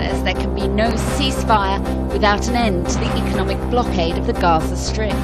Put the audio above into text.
As there can be no ceasefire without an end to the economic blockade of the Gaza Strip.